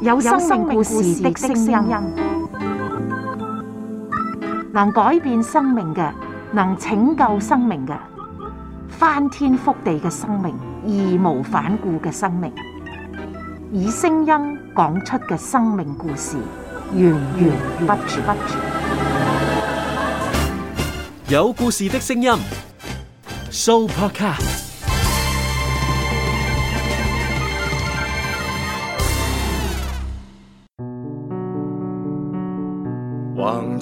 有生命故事的聲音，能改變生命嘅，能拯救生命嘅，翻天覆地嘅生命，義無反顧嘅生命，以聲音講出嘅生命故事，源源不絕。有故事的聲音，Soupercast。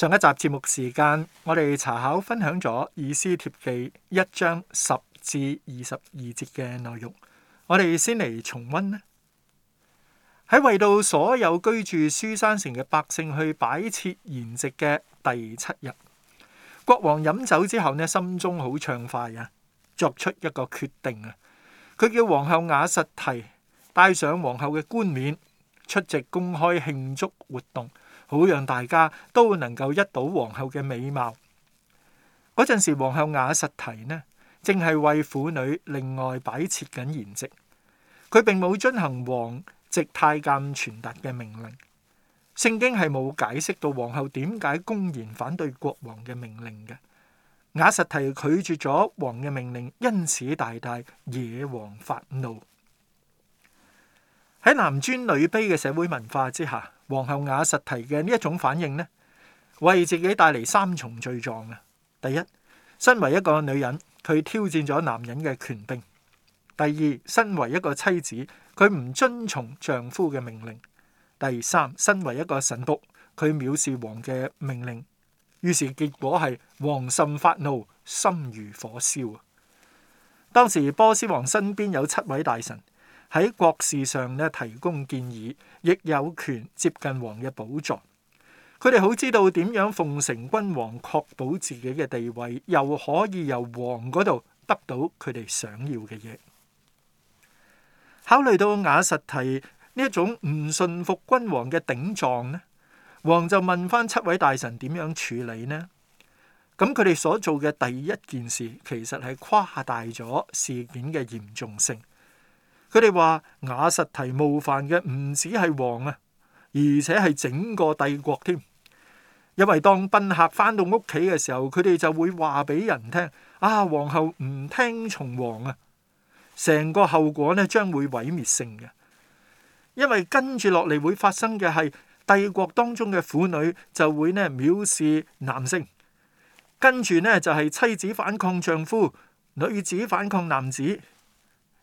上一集節目時間，我哋查考分享咗《以斯帖記》一章十至二十二節嘅內容。我哋先嚟重溫咧。喺為到所有居住書珊城嘅百姓去擺設筵席嘅第七日，國王飲酒之後咧，心中好暢快啊，作出一個決定啊。佢叫皇后雅實提帶上皇后嘅冠冕出席公開慶祝活動。好讓大家都能夠一睹皇后嘅美貌。嗰陣時，皇后雅實提呢，正係為婦女另外擺設緊筵席。佢並冇遵行王藉太監傳達嘅命令。聖經係冇解釋到皇后點解公然反對國王嘅命令嘅。雅實提拒絕咗王嘅命令，因此大大惹王發怒。喺男尊女卑嘅社會文化之下。皇后雅實提嘅呢一種反應呢，為自己帶嚟三重罪狀嘅。第一，身為一個女人，佢挑戰咗男人嘅權柄；第二，身為一個妻子，佢唔遵從丈夫嘅命令；第三，身為一個神僕，佢藐視王嘅命令。於是結果係王甚發怒，心如火燒啊！當時波斯王身邊有七位大臣。喺國事上咧，提供建議，亦有權接近王嘅寶藏。佢哋好知道點樣奉承君王，確保自己嘅地位，又可以由王嗰度得到佢哋想要嘅嘢。考慮到瓦實提呢一種唔順服君王嘅頂撞呢，王就問翻七位大臣點樣處理呢？咁佢哋所做嘅第一件事，其實係誇大咗事件嘅嚴重性。佢哋話雅實提冒犯嘅唔止係王啊，而且係整個帝國添。因為當賓客翻到屋企嘅時候，佢哋就會話俾人聽：啊，皇后唔聽從王啊！成個後果呢，將會毀滅性嘅，因為跟住落嚟會發生嘅係帝國當中嘅婦女就會呢藐視男性，跟住呢就係妻子反抗丈夫，女子反抗男子。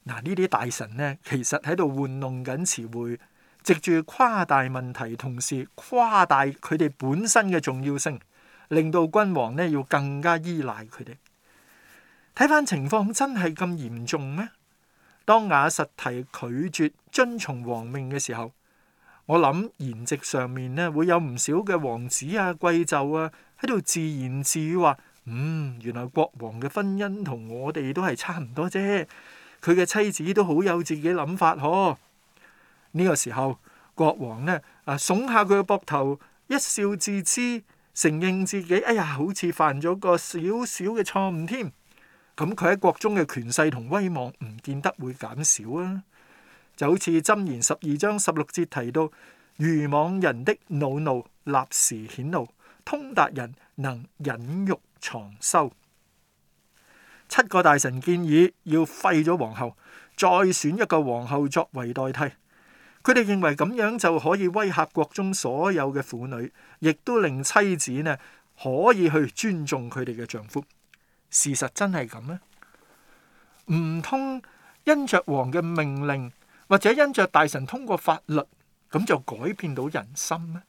嗱，呢啲大臣呢，其實喺度玩弄緊詞彙，藉住誇大問題，同時誇大佢哋本身嘅重要性，令到君王呢要更加依賴佢哋。睇翻情況，真係咁嚴重咩？當雅實提拒絕遵從王命嘅時候，我諗筵席上面呢，會有唔少嘅王子啊、貴胄啊喺度自言自語話，嗯，原來國王嘅婚姻同我哋都係差唔多啫。佢嘅妻子都好有自己諗法喎，呢個時候，國王呢，啊，聳下佢嘅膊頭，一笑置之，承認自己，哎呀，好似犯咗個少少嘅錯誤添。咁佢喺國中嘅權勢同威望唔見得會減少啊！就好似《箴言》十二章十六節提到：愚妄人的惱怒立時顯露，通達人能忍辱藏羞。七個大臣建議要廢咗皇后，再選一個皇后作為代替。佢哋認為咁樣就可以威嚇國中所有嘅婦女，亦都令妻子呢可以去尊重佢哋嘅丈夫。事實真係咁咩？唔通因着王嘅命令，或者因着大臣通過法律，咁就改變到人心咩？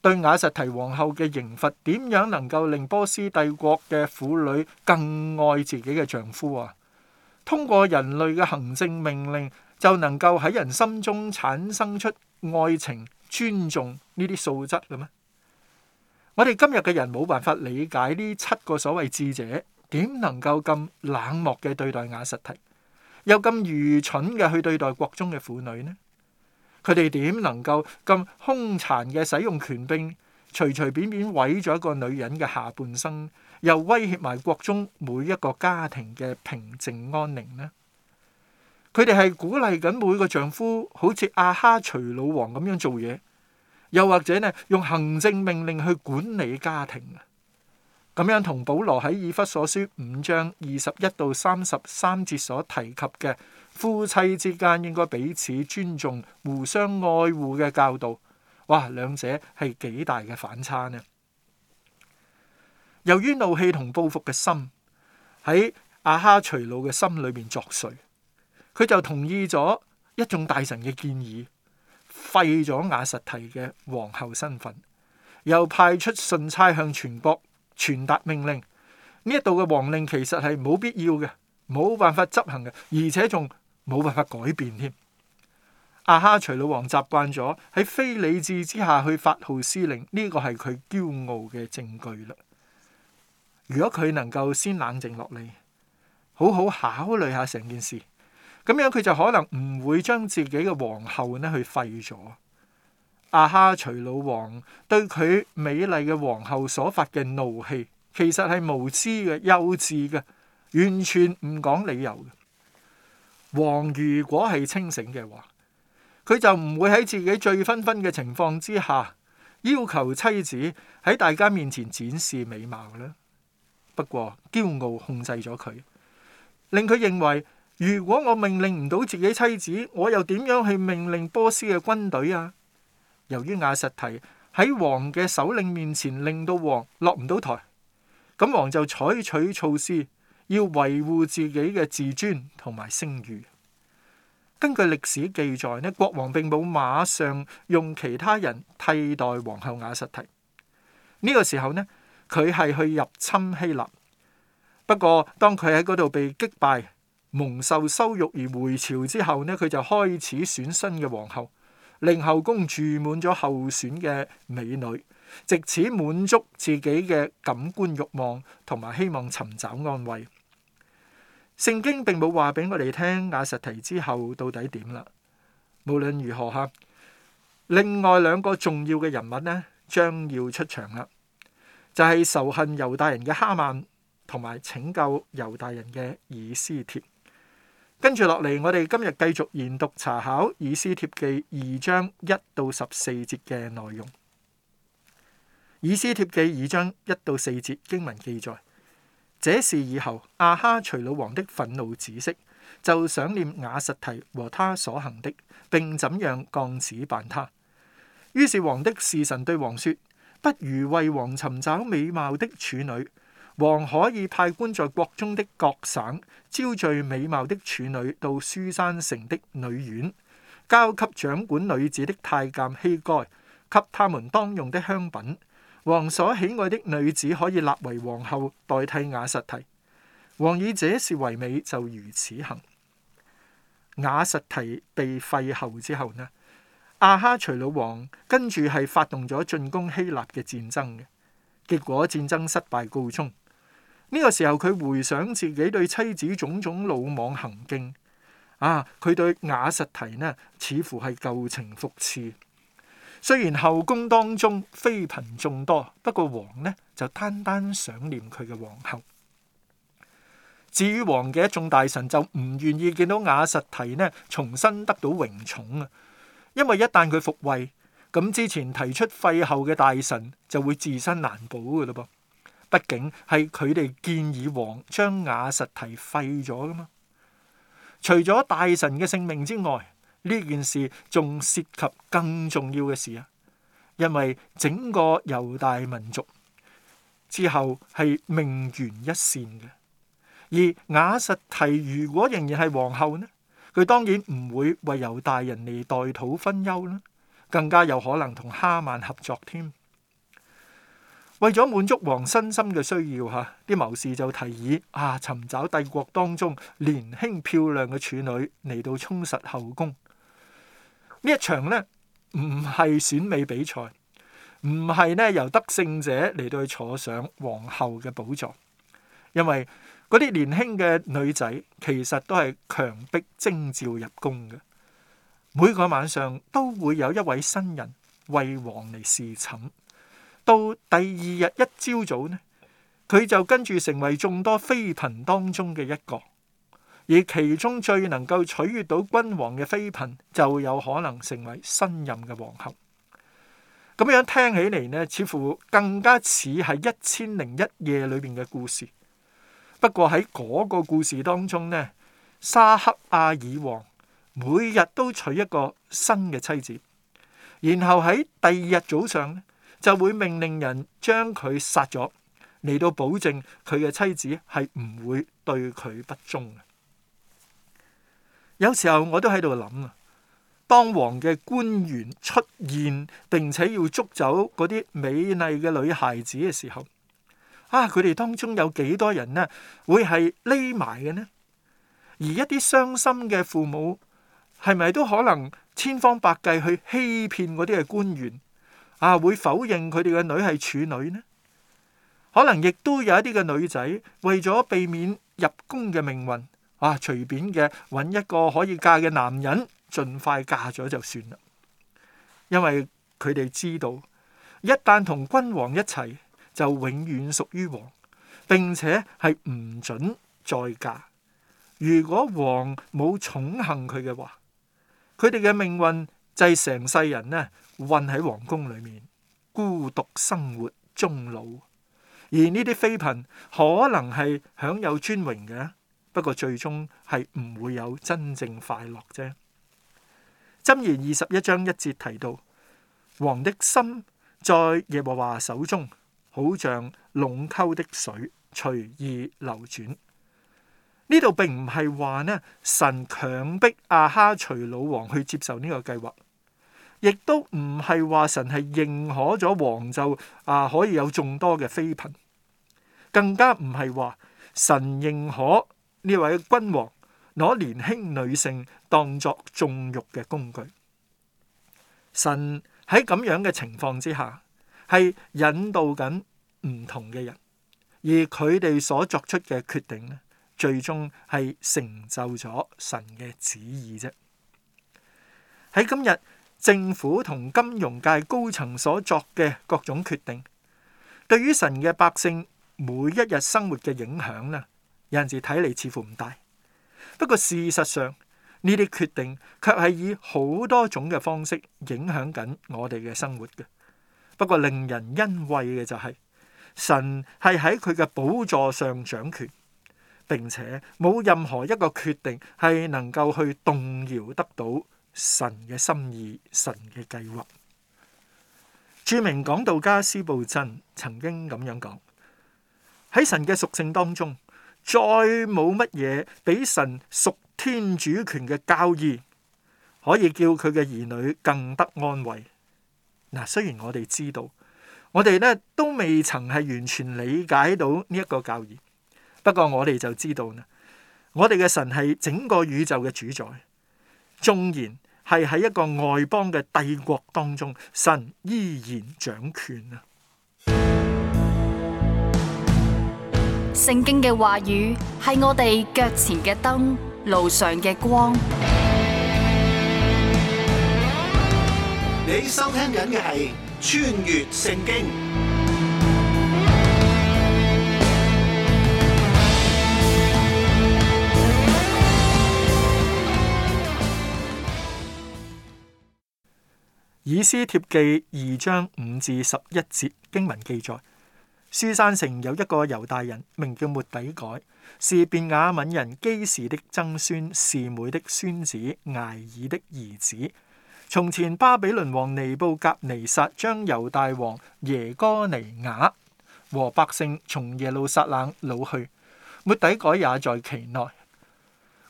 對瓦實提皇后嘅刑罰點樣能夠令波斯帝國嘅婦女更愛自己嘅丈夫啊？通過人類嘅行政命令，就能夠喺人心中產生出愛情、尊重呢啲素質嘅咩？我哋今日嘅人冇辦法理解呢七個所謂智者點能夠咁冷漠嘅對待瓦實提，又咁愚蠢嘅去對待國中嘅婦女呢？佢哋點能夠咁兇殘嘅使用權柄，隨隨便便毀咗一個女人嘅下半生，又威脅埋國中每一個家庭嘅平靜安寧呢？佢哋係鼓勵緊每個丈夫好似阿、啊、哈徐老王咁樣做嘢，又或者呢用行政命令去管理家庭。咁樣同保羅喺以弗所書五章二十一到三十三節所提及嘅夫妻之間應該彼此尊重、互相愛護嘅教導，哇！兩者係幾大嘅反差呢？由於怒氣同報復嘅心喺亞哈隨魯嘅心裏面作祟，佢就同意咗一眾大臣嘅建議，廢咗亞實提嘅皇后身份，又派出信差向全國，傳達命令。呢一度嘅王令其實係冇必要嘅、冇辦法執行嘅，而且仲冇辦法改變添。阿、啊、哈隨魯王習慣咗喺非理智之下去發號施令，呢個係佢驕傲嘅證據啦。如果佢能夠先冷靜落嚟，好好考慮下成件事，咁樣佢就可能唔會將自己嘅皇后呢去廢咗。亞哈隨魯王對佢美麗嘅皇后所發嘅怒氣，其實係無知嘅、幼稚嘅，完全唔講理由嘅。王如果係清醒嘅話，佢就唔會喺自己醉醺醺嘅情況之下要求妻子喺大家面前展示美貌啦。不過，驕傲控制咗佢，令佢認為，如果我命令唔到自己妻子，我又點樣去命令波斯嘅軍隊啊？由於瓦實提喺王嘅首領面前令到王落唔到台，咁王就採取措施要維護自己嘅自尊同埋聲譽。根據歷史記載呢，國王並冇馬上用其他人替代皇后瓦實提。呢、呢個時候呢，佢係去入侵希臘。不過當佢喺嗰度被擊敗、蒙受羞辱而回朝之後呢，佢就開始選新嘅皇后。令後宮住滿咗候選嘅美女，借此滿足自己嘅感官慾望，同埋希望尋找安慰。聖經並冇話俾我哋聽亞實提之後到底點啦。無論如何吓，另外兩個重要嘅人物呢，將要出場啦，就係仇恨猶大人嘅哈曼，同埋拯救猶大人嘅以斯帖。跟住落嚟，我哋今日繼續研讀查考《以斯帖記》二章一到十四節嘅內容。《以斯帖記》二章一到四節經文記載：這事以後亞哈隨魯王的憤怒止息，就想念瓦實提和他所行的，並怎樣降旨辦他。於是王的侍臣對王說：不如為王尋找美貌的處女。王可以派官在國中的各省招聚美貌的處女到書山城的女院，交給掌管女子的太監希該，給他們當用的香品。王所喜愛的女子可以立為皇后，代替雅實提。王以這事為美，就如此行。雅實提被廢後之後呢？阿哈除老王跟住係發動咗進攻希臘嘅戰爭嘅，結果戰爭失敗告終。呢個時候，佢回想自己對妻子種種魯莽行徑，啊！佢對雅實提呢，似乎係舊情復熾。雖然後宮當中妃嬪眾多，不過王呢就單單想念佢嘅皇后。至於王嘅一眾大臣就唔願意見到雅實提呢重新得到榮寵啊！因為一旦佢復位，咁之前提出廢後嘅大臣就會自身難保嘅嘞噃。畢竟係佢哋建議王將瓦實提廢咗㗎嘛？除咗大臣嘅性命之外，呢件事仲涉及更重要嘅事啊！因為整個猶大民族之後係命懸一線嘅。而瓦實提如果仍然係皇后呢？佢當然唔會為猶大人嚟代禱分憂啦，更加有可能同哈曼合作添。為咗滿足王身心嘅需要嚇，啲謀士就提議啊，尋找帝國當中年輕漂亮嘅處女嚟到充實後宮。呢一場呢唔係選美比賽，唔係咧由得勝者嚟到去坐上皇后嘅寶座，因為嗰啲年輕嘅女仔其實都係強迫徵召入宮嘅。每個晚上都會有一位新人為王嚟侍寢。到第二日一朝早呢，佢就跟住成為眾多妃嬪當中嘅一個，而其中最能夠取悦到君王嘅妃嬪，就有可能成為新任嘅皇后。咁樣聽起嚟呢，似乎更加似係一千零一夜裏邊嘅故事。不過喺嗰個故事當中呢，沙克阿爾王每日都娶一個新嘅妻子，然後喺第二日早上就會命令人將佢殺咗，嚟到保證佢嘅妻子係唔會對佢不忠嘅。有時候我都喺度諗啊，當王嘅官員出現並且要捉走嗰啲美麗嘅女孩子嘅時候，啊，佢哋當中有幾多人呢？會係匿埋嘅呢？而一啲傷心嘅父母係咪都可能千方百計去欺騙嗰啲嘅官員？啊！會否認佢哋嘅女係處女呢？可能亦都有一啲嘅女仔為咗避免入宮嘅命運，啊，隨便嘅揾一個可以嫁嘅男人，盡快嫁咗就算啦。因為佢哋知道，一旦同君王一齊，就永遠屬於王，並且係唔准再嫁。如果王冇寵幸佢嘅話，佢哋嘅命運，就係成世人呢，困喺皇宮裏面，孤獨生活終老。而呢啲妃嬪可能係享有尊榮嘅，不過最終係唔會有真正快樂啫。箴言二十一章一節提到，王的心在耶和華手中，好像壟溝的水，隨意流轉。呢度並唔係話咧神強逼亞哈隨魯王去接受呢個計劃。亦都唔係話神係認可咗王就啊可以有眾多嘅妃嬪，更加唔係話神認可呢位君王攞年輕女性當作縱欲嘅工具。神喺咁樣嘅情況之下，係引導緊唔同嘅人，而佢哋所作出嘅決定咧，最終係成就咗神嘅旨意啫。喺今日。政府同金融界高層所作嘅各種決定，對於神嘅百姓每一日生活嘅影響呢，有陣時睇嚟似乎唔大。不過事實上，呢啲決定卻係以好多種嘅方式影響緊我哋嘅生活嘅。不過令人欣慰嘅就係、是，神係喺佢嘅寶座上掌權，並且冇任何一個決定係能夠去動搖得到。神嘅心意、神嘅計劃，著名講道家司布真曾經咁樣講：喺神嘅屬性當中，再冇乜嘢比神屬天主權嘅教義可以叫佢嘅兒女更得安慰。嗱，雖然我哋知道，我哋咧都未曾係完全理解到呢一個教義，不過我哋就知道啦，我哋嘅神係整個宇宙嘅主宰，縱然，係喺一個外邦嘅帝國當中，神依然掌權啊！聖經嘅話語係我哋腳前嘅燈，路上嘅光。你收聽緊嘅係《穿越聖經》。以斯帖記二章五至十一節經文記載，書珊城有一個猶大人，名叫末底改，是便雅憫人基士的曾孫、示每的孫子、睚珥的兒子。從前巴比倫王尼布甲尼撒將猶大王耶哥尼雅和百姓從耶路撒冷擄去，末底改也在其內。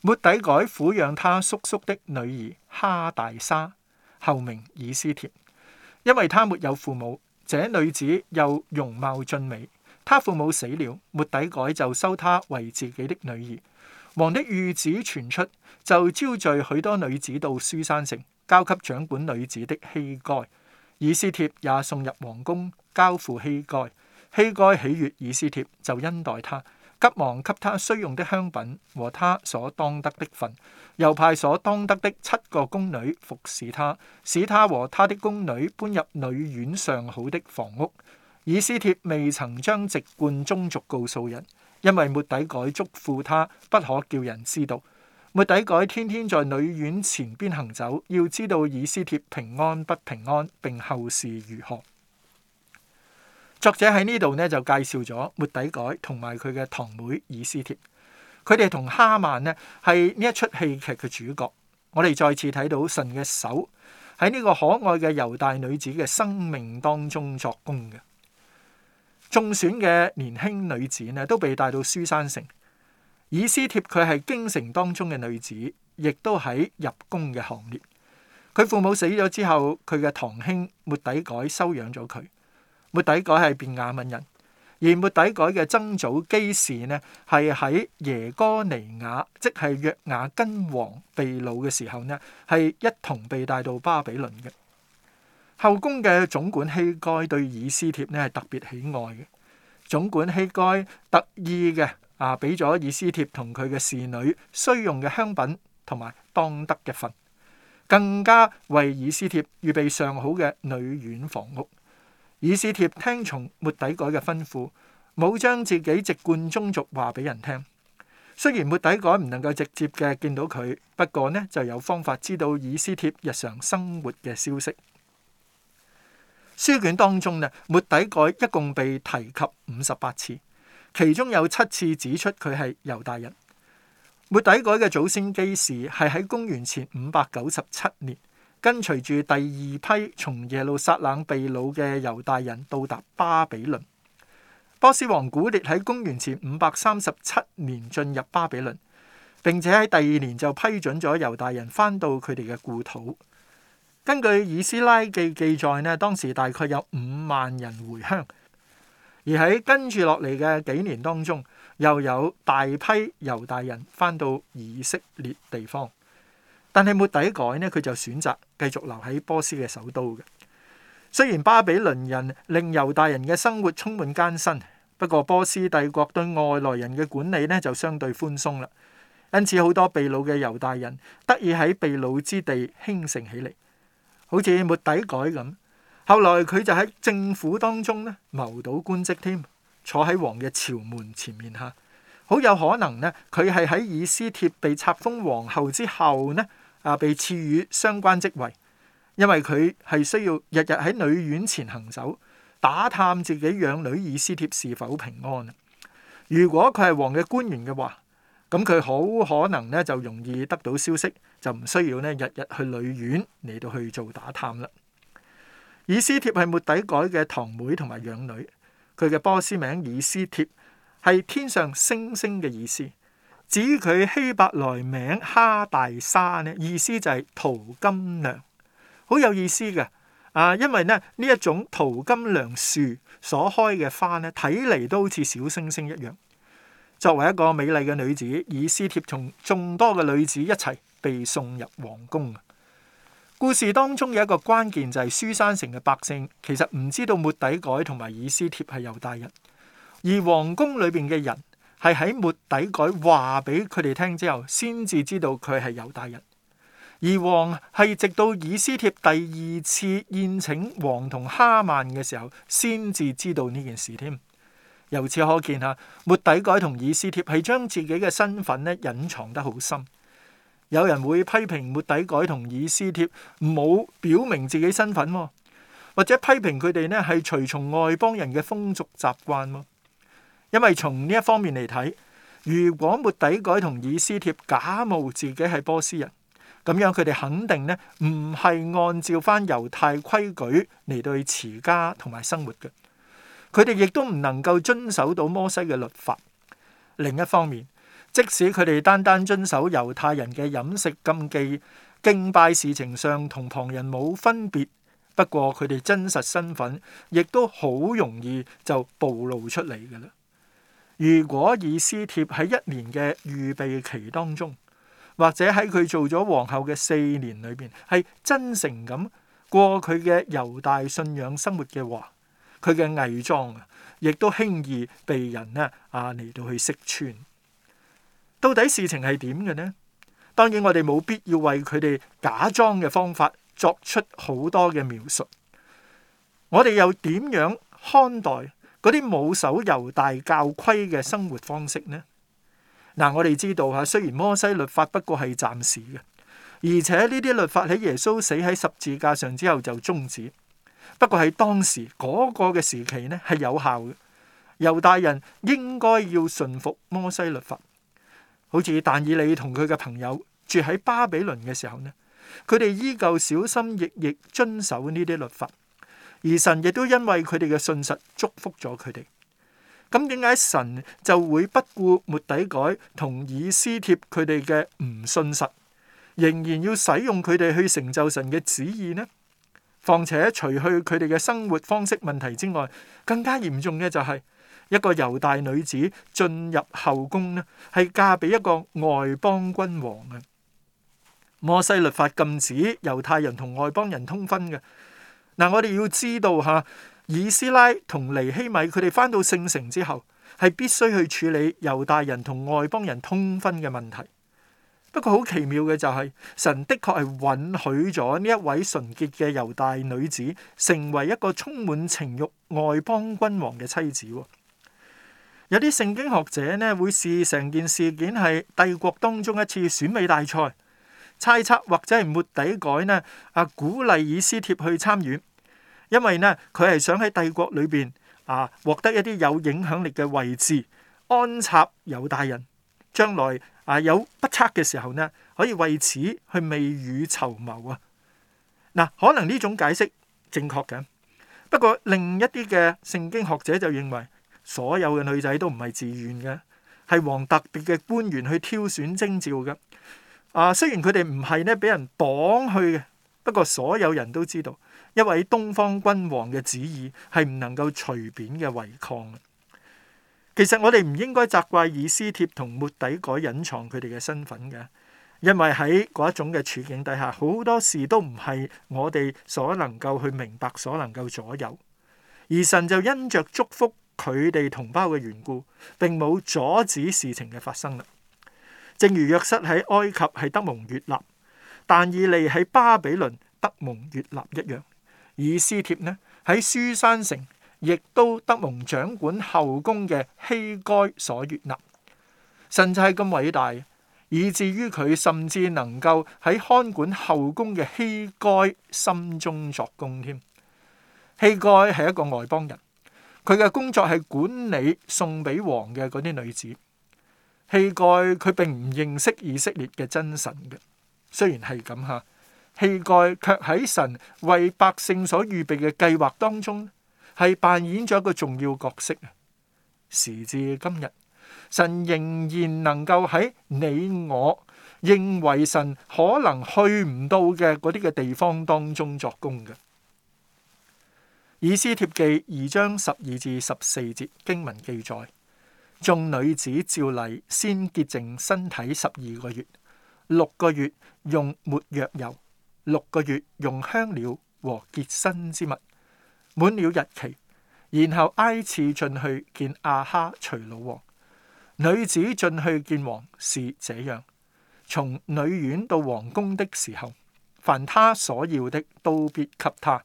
末底改撫養他叔叔的女兒哈大沙。後名以斯帖，因為她沒有父母。這女子又容貌俊美，她父母死了，末底改就收她為自己的女兒。王的諭旨傳出，就招聚許多女子到書珊城，交給掌管女子的希該。以斯帖也送入王宮，交付希該。希該喜悅以斯帖，就恩待他。急忙給他需用的香品和他所當得的份，又派所當得的七個宮女服侍他，使他和他的宮女搬入女院上好的房屋。以斯帖未曾將籍貫宗族告訴人，因為末底改囑咐他，不可叫人知道。末底改天天在女院前邊行走，要知道以斯帖平安不平安，並後事如何。作者喺呢度呢，就介紹咗末底改同埋佢嘅堂妹以斯帖，佢哋同哈曼呢，係呢一出戲劇嘅主角。我哋再次睇到神嘅手喺呢個可愛嘅猶大女子嘅生命當中作工嘅。中選嘅年輕女子咧都被帶到書山城。以斯帖佢係京城當中嘅女子，亦都喺入宮嘅行列。佢父母死咗之後，佢嘅堂兄末底改收養咗佢。末底改係便雅憫人，而末底改嘅曾祖基士呢，係喺耶哥尼亞，即係約雅斤王被擄嘅時候呢，係一同被帶到巴比倫嘅。後宮嘅總管希該對以斯帖呢係特別喜愛嘅，總管希該特意嘅啊，俾咗以斯帖同佢嘅侍女需用嘅香品同埋當得嘅份，更加為以斯帖預備上好嘅女院房屋。以斯帖聽從末底改嘅吩咐，冇將自己籍貫宗族話俾人聽。雖然末底改唔能夠直接嘅見到佢，不過呢就有方法知道以斯帖日常生活嘅消息。書卷當中呢，末底改一共被提及五十八次，其中有七次指出佢係猶大人。末底改嘅祖先基士係喺公元前五百九十七年。跟隨住第二批從耶路撒冷被擄嘅猶大人到達巴比倫，波斯王古列喺公元前五百三十七年進入巴比倫，並且喺第二年就批准咗猶大人翻到佢哋嘅故土。根據《以斯拉記》記載呢，當時大概有五萬人回鄉，而喺跟住落嚟嘅幾年當中，又有大批猶大人翻到以色列地方。但係末底改呢，佢就選擇繼續留喺波斯嘅首都嘅。雖然巴比倫人令猶大人嘅生活充滿艱辛，不過波斯帝國對外來人嘅管理呢就相對寬鬆啦。因此好多被擄嘅猶大人得以喺被擄之地興盛起嚟，好似末底改咁。後來佢就喺政府當中呢謀到官職添，坐喺王嘅朝門前面嚇。好有可能呢，佢係喺以斯帖被冊封皇后之後呢。啊！被賜予相關職位，因為佢係需要日日喺女院前行走，打探自己養女以斯帖是否平安。如果佢係王嘅官員嘅話，咁佢好可能咧就容易得到消息，就唔需要咧日日去女院嚟到去做打探啦。以斯帖係末底改嘅堂妹同埋養女，佢嘅波斯名以斯帖係天上星星嘅意思。至於佢希伯來名哈大沙咧，意思就係桃金娘，好有意思嘅啊！因為咧呢一種桃金娘樹所開嘅花咧，睇嚟都好似小星星一樣。作為一個美麗嘅女子，以斯帖同眾多嘅女子一齊被送入皇宮啊！故事當中有一個關鍵就係書山城嘅百姓，其實唔知道末底改同埋以斯帖係猶大人，而皇宮裏邊嘅人。係喺末底改話俾佢哋聽之後，先至知道佢係猶大人。而王係直到以斯帖第二次宴請王同哈曼嘅時候，先至知道呢件事添。由此可見啊，末底改同以斯帖係將自己嘅身份咧隱藏得好深。有人會批評末底改同以斯帖冇表明自己身份，或者批評佢哋咧係隨從外邦人嘅風俗習慣。因為從呢一方面嚟睇，如果末底改同以斯帖假冒自己係波斯人，咁樣佢哋肯定呢唔係按照返猶太規矩嚟對持家同埋生活嘅。佢哋亦都唔能夠遵守到摩西嘅律法。另一方面，即使佢哋單單遵守猶太人嘅飲食禁忌、敬拜事情上同旁人冇分別，不過佢哋真實身份亦都好容易就暴露出嚟嘅啦。如果以斯帖喺一年嘅預備期當中，或者喺佢做咗皇后嘅四年裏邊，係真誠咁過佢嘅猶大信仰生活嘅話，佢嘅偽裝亦都輕易被人咧啊嚟到去識穿。到底事情係點嘅呢？當然我哋冇必要為佢哋假裝嘅方法作出好多嘅描述。我哋又點樣看待嗰啲冇守猶大教規嘅生活方式呢？嗱，我哋知道嚇，雖然摩西律法不過係暫時嘅，而且呢啲律法喺耶穌死喺十字架上之後就終止。不過喺當時嗰個嘅時期呢，係有效嘅。猶大人應該要順服摩西律法。好似但以理同佢嘅朋友住喺巴比倫嘅時候呢，佢哋依舊小心翼翼遵守呢啲律法。而神亦都因為佢哋嘅信實祝福咗佢哋。咁點解神就會不顧末底改同以斯帖佢哋嘅唔信實，仍然要使用佢哋去成就神嘅旨意呢？況且除去佢哋嘅生活方式問題之外，更加嚴重嘅就係一個猶大女子進入後宮啦，係嫁俾一個外邦君王啊！摩西律法禁止猶太人同外邦人通婚嘅。嗱，我哋要知道吓，以斯拉同尼希米佢哋翻到聖城之後，係必須去處理猶大人同外邦人通婚嘅問題。不過好奇妙嘅就係，神的確係允許咗呢一位純潔嘅猶大女子成為一個充滿情慾外邦君王嘅妻子。有啲聖經學者呢會視成件事件係帝國當中一次選美大賽，猜測或者係末底改呢啊鼓勵以斯帖去參與。因為咧，佢係想喺帝國裏邊啊獲得一啲有影響力嘅位置，安插猶大人，將來啊有不測嘅時候呢，可以為此去未雨綢繆啊！嗱，可能呢種解釋正確嘅。不過另一啲嘅聖經學者就認為，所有嘅女仔都唔係自願嘅，係王特別嘅官員去挑選徵召嘅。啊，雖然佢哋唔係咧俾人綁去嘅，不過所有人都知道。一位東方君王嘅旨意係唔能夠隨便嘅違抗。其實我哋唔應該責怪以斯帖同末底改隱藏佢哋嘅身份嘅，因為喺嗰一種嘅處境底下，好多事都唔係我哋所能夠去明白、所能夠左右。而神就因着祝福佢哋同胞嘅緣故，並冇阻止事情嘅發生啦。正如約瑟喺埃及係得蒙悅納，但以理喺巴比倫得蒙悅納一樣。以斯帖呢喺書山城，亦都得蒙掌管後宮嘅希該所悅納，甚至係咁偉大，以至於佢甚至能夠喺看管後宮嘅希該心中作工添。希該係一個外邦人，佢嘅工作係管理送俾王嘅嗰啲女子。希該佢並唔認識以色列嘅真神嘅，雖然係咁吓。氣概，卻喺神為百姓所預備嘅計劃當中，係扮演咗一個重要角色啊！時至今日，神仍然能夠喺你我認為神可能去唔到嘅嗰啲嘅地方當中作工嘅。以斯帖記二章十二至十四節經文記載：眾女子照例先潔淨身體十二個月，六個月用抹藥油。六個月用香料和潔身之物，滿了日期，然後挨次進去見亞哈隨魯王。女子進去見王是這樣：從女院到王宮的時候，凡他所要的，都必給他。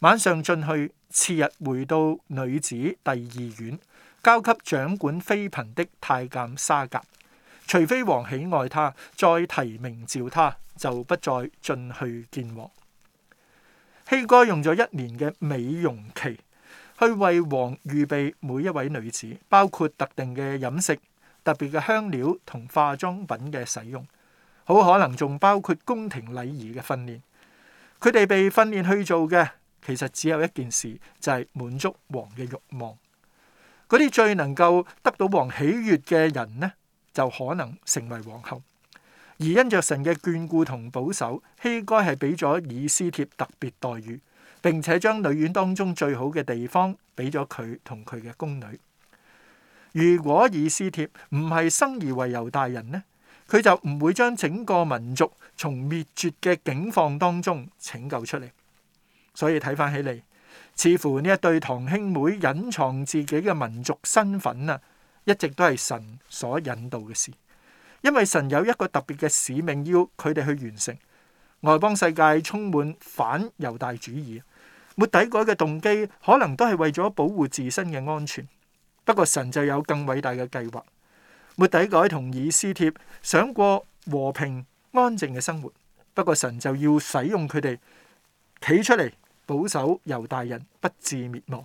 晚上進去，次日回到女子第二院，交給掌管妃嬪的太監沙甲。除非王喜愛他，再提名召他，就不再進去見王。希哥用咗一年嘅美容期去為王預備每一位女子，包括特定嘅飲食、特別嘅香料同化妝品嘅使用，好可能仲包括宮廷禮儀嘅訓練。佢哋被訓練去做嘅，其實只有一件事，就係滿足王嘅欲望。嗰啲最能夠得到王喜悅嘅人呢，就可能成為皇后，而因着神嘅眷顧同保守，希該係俾咗以斯帖特別待遇，並且將女院當中最好嘅地方俾咗佢同佢嘅宮女。如果以斯帖唔係生而為猶大人呢，佢就唔會將整個民族從滅絕嘅境況當中拯救出嚟。所以睇翻起嚟，似乎呢一對堂兄妹隱藏自己嘅民族身份啊！一直都係神所引導嘅事，因為神有一個特別嘅使命要佢哋去完成。外邦世界充滿反猶大主義，末底改嘅動機可能都係為咗保護自身嘅安全。不過神就有更偉大嘅計劃。末底改同以斯帖想過和平安靜嘅生活，不過神就要使用佢哋企出嚟保守猶大人，不致滅亡。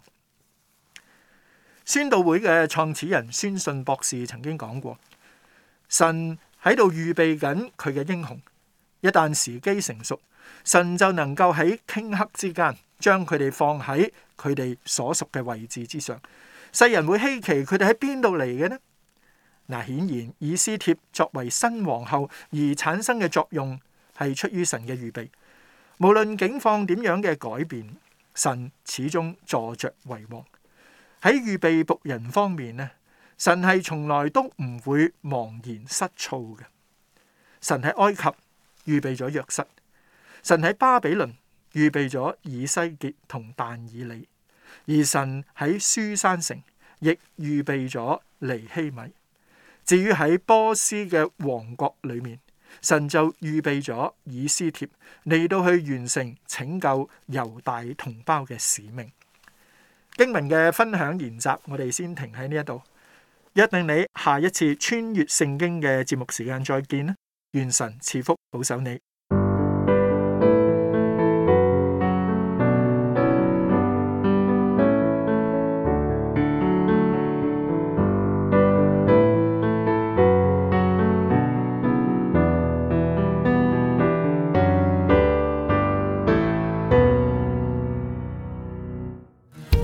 宣道會嘅創始人宣信博士曾經講過：神喺度預備緊佢嘅英雄，一旦時機成熟，神就能夠喺頃刻之間將佢哋放喺佢哋所屬嘅位置之上。世人會稀奇佢哋喺邊度嚟嘅呢？嗱，顯然以斯帖作為新皇后，而產生嘅作用，係出於神嘅預備。無論境況點樣嘅改變，神始終坐著為王。喺預備僕人方面咧，神係從來都唔會茫然失措嘅。神喺埃及預備咗約瑟，神喺巴比倫預備咗以西結同但以理，而神喺書山城亦預備咗尼希米。至於喺波斯嘅王國裏面，神就預備咗以斯帖嚟到去完成拯救猶大同胞嘅使命。經文嘅分享研習，我哋先停喺呢一度。約定你下一次穿越聖經嘅節目時間再見啦！願神賜福保守你。